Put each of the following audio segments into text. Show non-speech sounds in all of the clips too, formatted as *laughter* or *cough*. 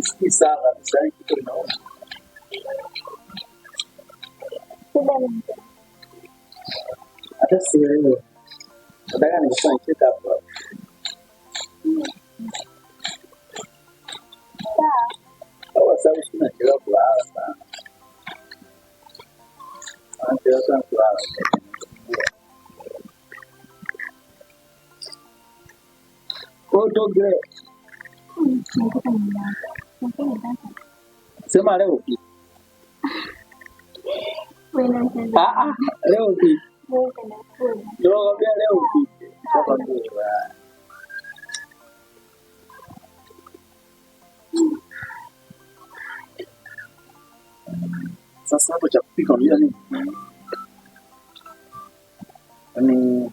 Isala, Zé e tudo mais. Adesso io, ragazzi, sono in città proprio. Allora, sta vicino a Giro Plaza. A Giro San Plaza. Porto Greco. Sema leo ah, ah, leo upi? Leo Sasa hapo cha kupika unajua nini? Yaani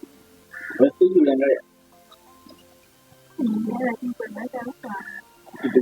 wewe uliangalia. Kitu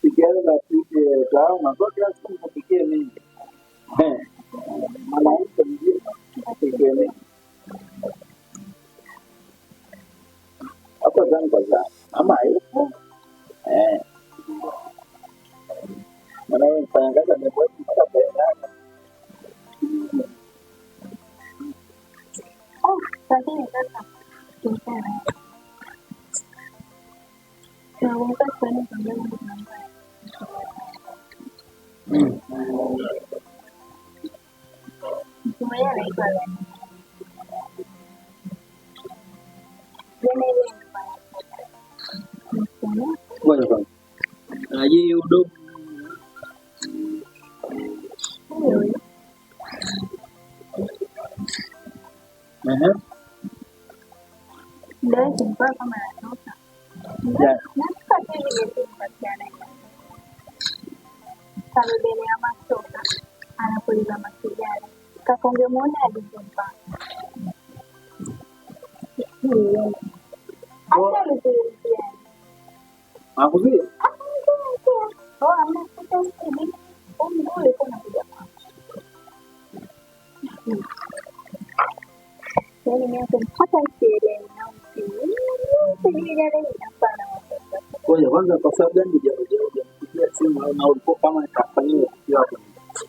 Sikiaza na apike kahawa, kwake lazima apikie mimi. Mwanamke mzima apikie mimi. Hapo zangu zangu. Ama hayupo. Eh. Maana yeye mfanyakazi amekuwa mpaka pesa. Oh, sasa ni Hmm. Semuanya baik-baik. m a n e e l e l e ya m a o k a a n a k u l i a masijara kakonge mwone alivyovaa hata mzee Nakuzia? Hata mzee. Oh, a m e k u a sisi. Umri ule uko nakuja Yani miaka hata sielewi na msimu. s i i gani kwa kwanza, kwa sababu gani hujanipigia simu au na ulikuwa kama nitafanyia kitu yako?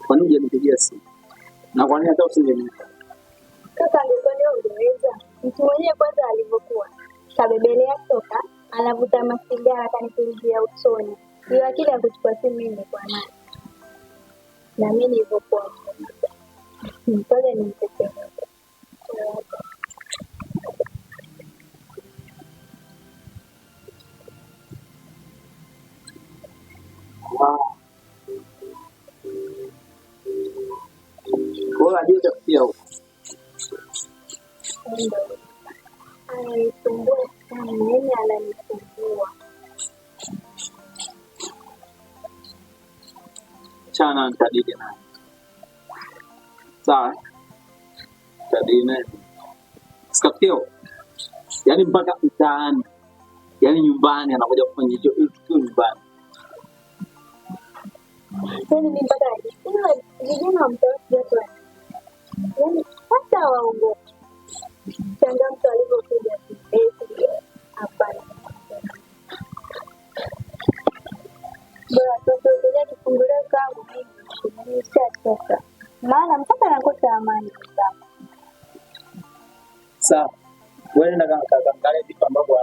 Kwa nini hujanipigia simu? Na kwa nini hata usingeniita? Kaka alikuwa leo ungeweza. Mtu mwenyewe kwanza alivyokuwa. Kabebelea toka anavuta masigara akanipigia usoni. Hiyo akili ya kuchukua simu mimi nilikuwa nayo. Na mimi nilivyokuwa. Kwanza nimtetee. Ndo ananisumbua sana, nini ananisumbua? Chana nitadili naye sawa, nitadili naye sikakio, yaani mpaka mtaani, yaani nyumbani anakuja kufanya hicho ili nyumbani yaani yaani yaani hata waogopi Changamka alivyopiga kibeti hapana. maana mpaka anakosa Sawa, wewe na kaka vitu ambavyo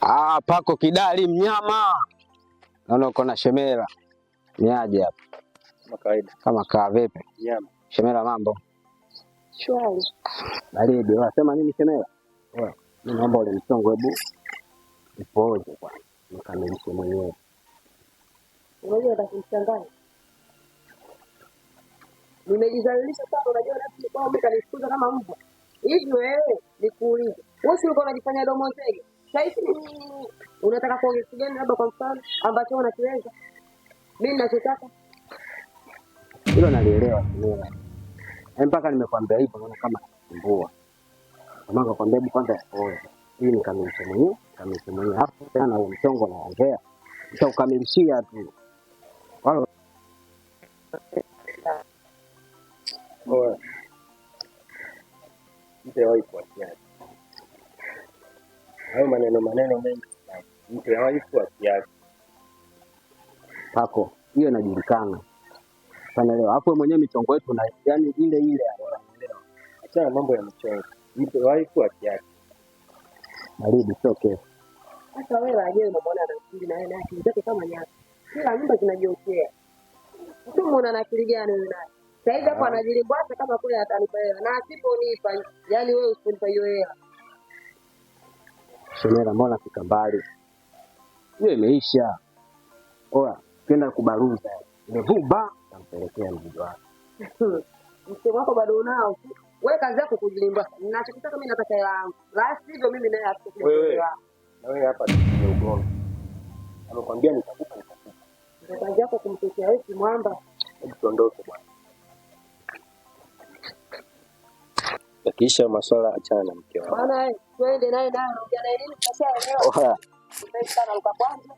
Ah, pako kidali mnyama. Naona uko na Shemera. Ni aje hapa? Kama kawaida. Kama kaa vipi? Nyama. Shemera mambo. Shwari. Baridi. Unasema nini Shemera? Wewe, mimi naomba ule mchongo hebu upoje kwanza. Nikamilishe mwenyewe. Unajua atakumchanganya. Nimejizalilisha sana, unajua nafsi kwamba kanifukuza kama mbwa. Hivi wewe eh, nikuulize, wewe si uko unajifanya domo zege? Sahizi ni unataka kuongea kitu gani? Labda kwa mfano ambacho unakiweza, mimi ninachotaka hilo nalielewa yaani mpaka nimekwambia hivyo, naona kama kusumbua. Kama nakwambia hebu kwanza yapoe ili nikamilishe mwenyewe, nikamilishe mwenyewe, hapo tena huo mchongo naongea, nitakukamilishia tu wala mpe wai hayo maneno maneno mengi, mtu hawaifu akiacha pako, hiyo inajulikana. Unaelewa hapo mwenyewe, michongo yetu na yani ile ile, achana mambo ya michongo, mtu hawaifu akiacha. Baridi sio kesi. Sasa wewe aje, unamwona anakili na yeye na akili zake kama nyasi, kila nyumba zinajiokea. Mtu muona na akili gani huyo naye? Sasa hivi hapo ah. anajilimbwaza kama kule atanipa hela na asiponipa, yani wewe usiponipa hiyo hela Shemela, mbona fika mbali? Hiyo imeisha. Oya, twenda kubaruza. Nimevumba, nampelekea mzigo wako. *laughs* Msemo wako bado unao. Wewe kazi yako kujilimba. Ninachokitaka mimi nataka hela yangu. La sivyo mimi naye atakuja. Wewe. Na wewe hapa ni ugomvi. Amekwambia nitakupa nitakupa. Kazi yako kumtokea wewe mwamba. Hebu tuondoke bwana. kisha maswala achana ya na mke wako. Maana twende naye Sana kwanza.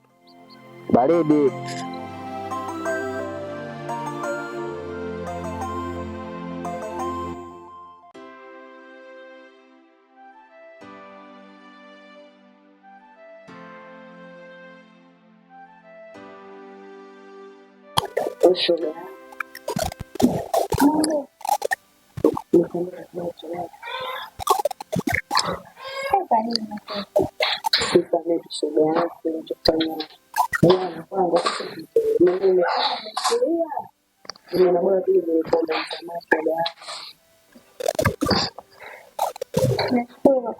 Nashukuru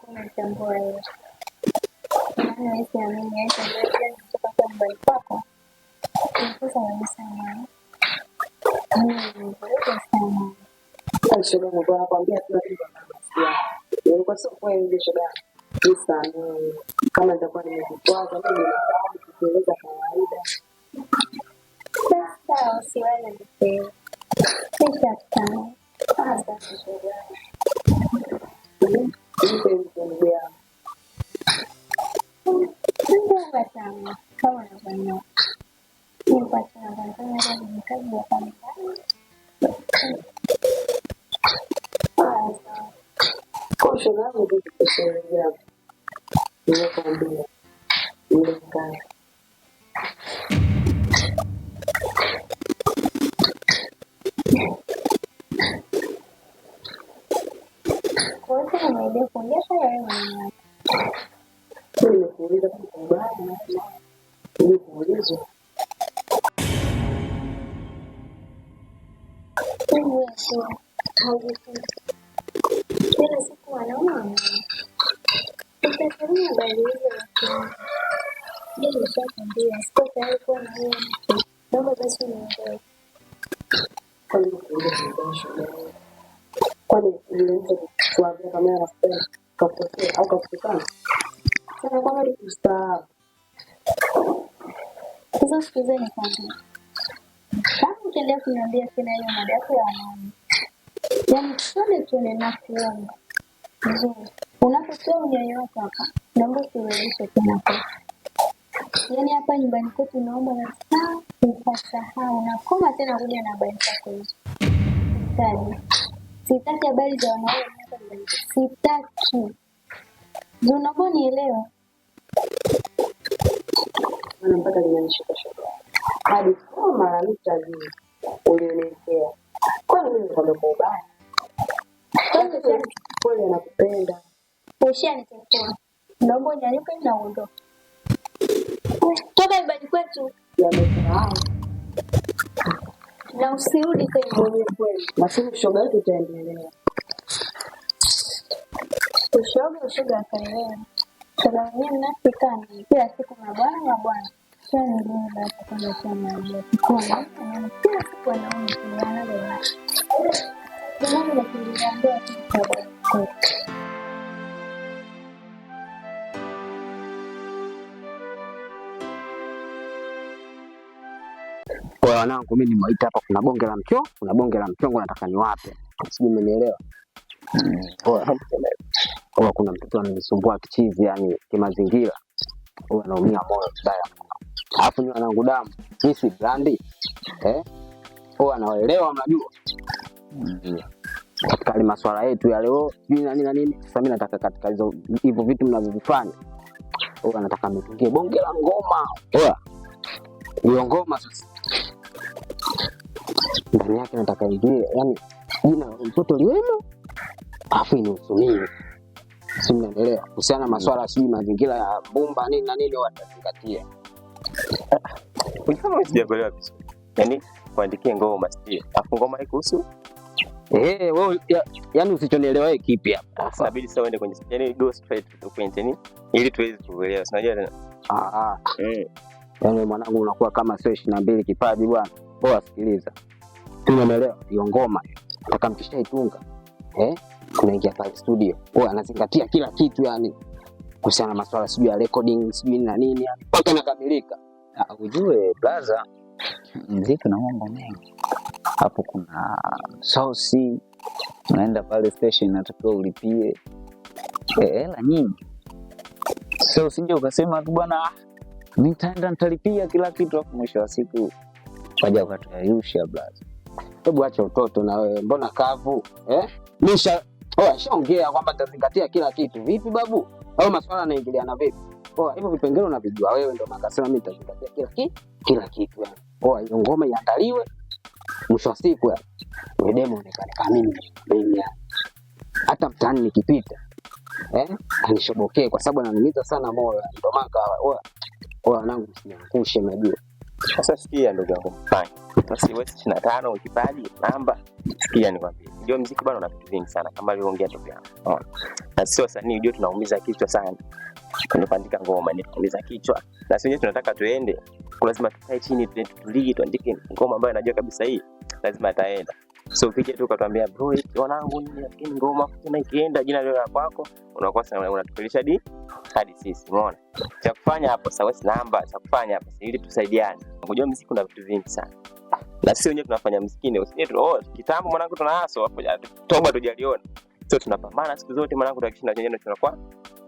kunitambua hiyo, maana siamini kutoka nyumbani kwako sasa sana sana sasa shogangu, kwa nakwambia sio kitu kinachohusiana. Nilikuwa sio kweli ile shogangu. Sasa mm, kama nitakuwa nimekukwaza mimi ninasahau kukueleza kawaida. Sasa usiwale mpenzi. Sitakaa. Sasa shogangu. Nipe mpenzi wangu. Ndio nataka kama nafanya. Nipata nafanya ndio nikaje kwa mtandao. Poxa, não é um vídeo que você grava. Minha família. Meu o que é uma ideia com essa eu Minha comida com barra, né? Meu comigo. Tem isso. Kila siku wanaume wanaotasamia habari hizo wakiona mimi nishakwambia siko tayari kuwa na huyo mtu, naomba basi uniondoe. Kwani nilimpa kuambia kama anafanya kapotea au kapotea sana kwamba ni kustaafu. Sasa sikizeni kwanza, kama ukiendelea kuniambia tena hiyo mada yako ya wanaume yani tusome tuone na kuomba. Nzuri. Unapotoa unyayo wako hapa, naomba kurudisha tena kote. Yaani hapa nyumbani kwetu unaomba kabisa ukasahau, nakoma tena kuja na habari zako hizo. Sitaki. Sitaki habari za wanaume hapa nyumbani. Sitaki. Ndio unavyonielewa. mpaka linanishika Hadi kama mara mita zile ulielekea. Kwa nini kwa ubaya? Yaani kweli anakupenda. Ushanitafuta. Naomba nyanyuke na uondoke. Toka ibadi kwetu. Yamefurahi. Na usirudi kwenye shoga yetu itaendelea. Ushoga ushoga akaelewa. Shoga wenyewe mnafikana kila siku mabwana bwana na bwana. kila siku anaona wa kwa wanangu, mimi nimewaita hapa, kuna bonge la mchongo, kuna bonge la mchongo, nataka niwape, sijui mmenielewa. Kwa kuna mtoto ananisumbua kichizi, yani kimazingira, huwa anaumia moyo vibaya. Alafu ni wanangu damu, mimi si brandi eh, huwa anawaelewa, mnajua katika yale maswala yetu ya leo sijui na na nini. Sasa mi nataka katika hizo hivyo vitu mnavyovifanya, oya, nataka mitungie bonge la ngoma. Oya, hiyo ngoma sasa ndani yake nataka ingie, yani jina la mtoto liwemo, afu inahusu mimi si mnaendelea kuhusiana na maswala sijui mazingira ya bumba nini na nini, watazingatia. Ulisema sijakuelewa vizuri, yani kuandikie ngoma sijui, afu ngoma ikuhusu Eh, wewe yaani usichonielewa wewe kipi hapa? Inabidi sasa uende kwenye yani go straight to point yani ili tuweze kuelewa. Unajua tena. Ah ah. Eh. Yaani mwanangu unakuwa kama sio mbili kipaji bwana. Poa sikiliza. Tumeelewa hiyo ngoma. Nataka mkishaitunga. Eh? Tunaingia pale studio. Poa anazingatia kila kitu yani. Kuhusiana na masuala sijui ya recording, sijui na nini Mpaka nakamilika. Ah, ujue brother. Mziki na mambo mengi hapo kuna sosi, unaenda pale station inatakiwa ulipie e, hela e, nyingi. So usije ukasema tu bwana, mi nitaenda ntalipia kila kitu, hapo mwisho wa siku kaja ukatayusha. Blaza, hebu acha utoto na wewe, mbona kavu eh? Misha oa oh, shaongea kwamba tazingatia kila kitu. Vipi babu, au masuala yanaingiliana vipi? Oa oh, hivyo vipengele unavijua wewe, ndo makasema mi nitazingatia kila kitu, kila kitu. Oa oh, hiyo ngoma iandaliwe mwisho wa siku yule demo nikakaa mimi nikamenya hata mtaani nikipita eh, anishobokee kwa sababu ananiumiza sana moyo. Ndio maana kawa wanangu msiniangushe, najua sasa. Sikia ndugu yangu West ishirini na tano ukipaji namba, sikia nikwambie, ndio mziki bado una vitu vingi sana, kama alivyoongea ndugu yangu, na sio wasanii ujue tunaumiza kichwa sana kuandika ngoma ni kuumiza kichwa, na sisi tunataka tuende, lazima tukae chini, tutulie, tuandike ngoma ambayo najua kabisa hii lazima ataenda. So ukija tu ukatuambia bro, wanangu lakini ngoma kuna ikienda jina leo la kwako, unakosa sana unatupilisha hadi hadi sisi. Umeona cha kufanya hapo sasa, wewe namba cha kufanya hapo ili tusaidiane. Unajua muziki kuna vitu vingi sana, na sisi wenyewe tunafanya muziki ni usije tu oh, kitambo mwanangu tuna tunahaso hapo, toba tujaliona. So tunapambana siku zote mwanangu, tuhakikisha na tunakuwa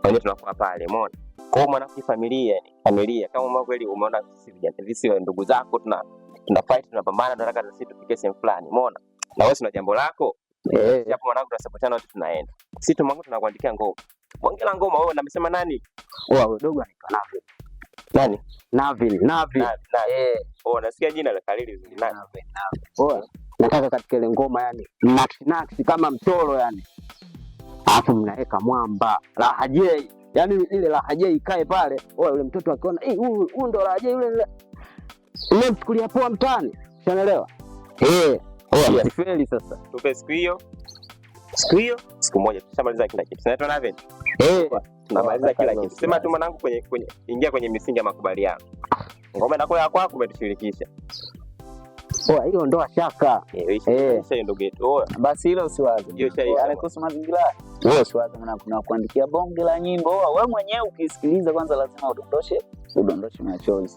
wenyewe tunakuwa pale. Umeona kwao mwanangu, familia ni familia, kama kweli umeona sisi vijana, sisi ndugu zako tuna tuna fight, tunapambana, tunataka sisi tufike sehemu fulani, umeona na wewe una jambo lako eh, hapo mwanangu, tunasapotana wote, tunaenda sisi tu mwanangu, tunakuandikia ngoma, ongea ngoma wewe. Namesema nani? Wewe wadogo anaitwa Navi nani? Navi Navi eh, oh, nasikia jina la Kalili zuri nani? Navi oh, nataka katika ile ngoma yani naksi naksi kama mtoro yani, alafu mnaweka mwamba Rahajei, yani ile Rahajei ikae pale, oh, yule mtoto akiona eh, huyu huyu ndo Rahajei yule Unamchukulia poa mtaani, unaelewa? Eh, oya sifeli sasa. Tupe siku hiyo. Siku hiyo, siku moja tushamaliza kila kitu. Sasa tunaona vipi? Eh, tunamaliza kila kitu. Sema tu mwanangu, kwenye kwenye ingia kwenye misingi ya makubaliano. Ngoma na kwa kwako umetushirikisha. Poa, hiyo ndoa shaka. Eh, sasa eh. ndugu yetu. Oya, basi hilo usiwaze. Anakosa mazingira. Wewe usiwaze mwanangu, kuna kuandikia bonge la nyimbo. Wewe mwenyewe ukisikiliza kwanza lazima udondoshe, udondoshe machozi.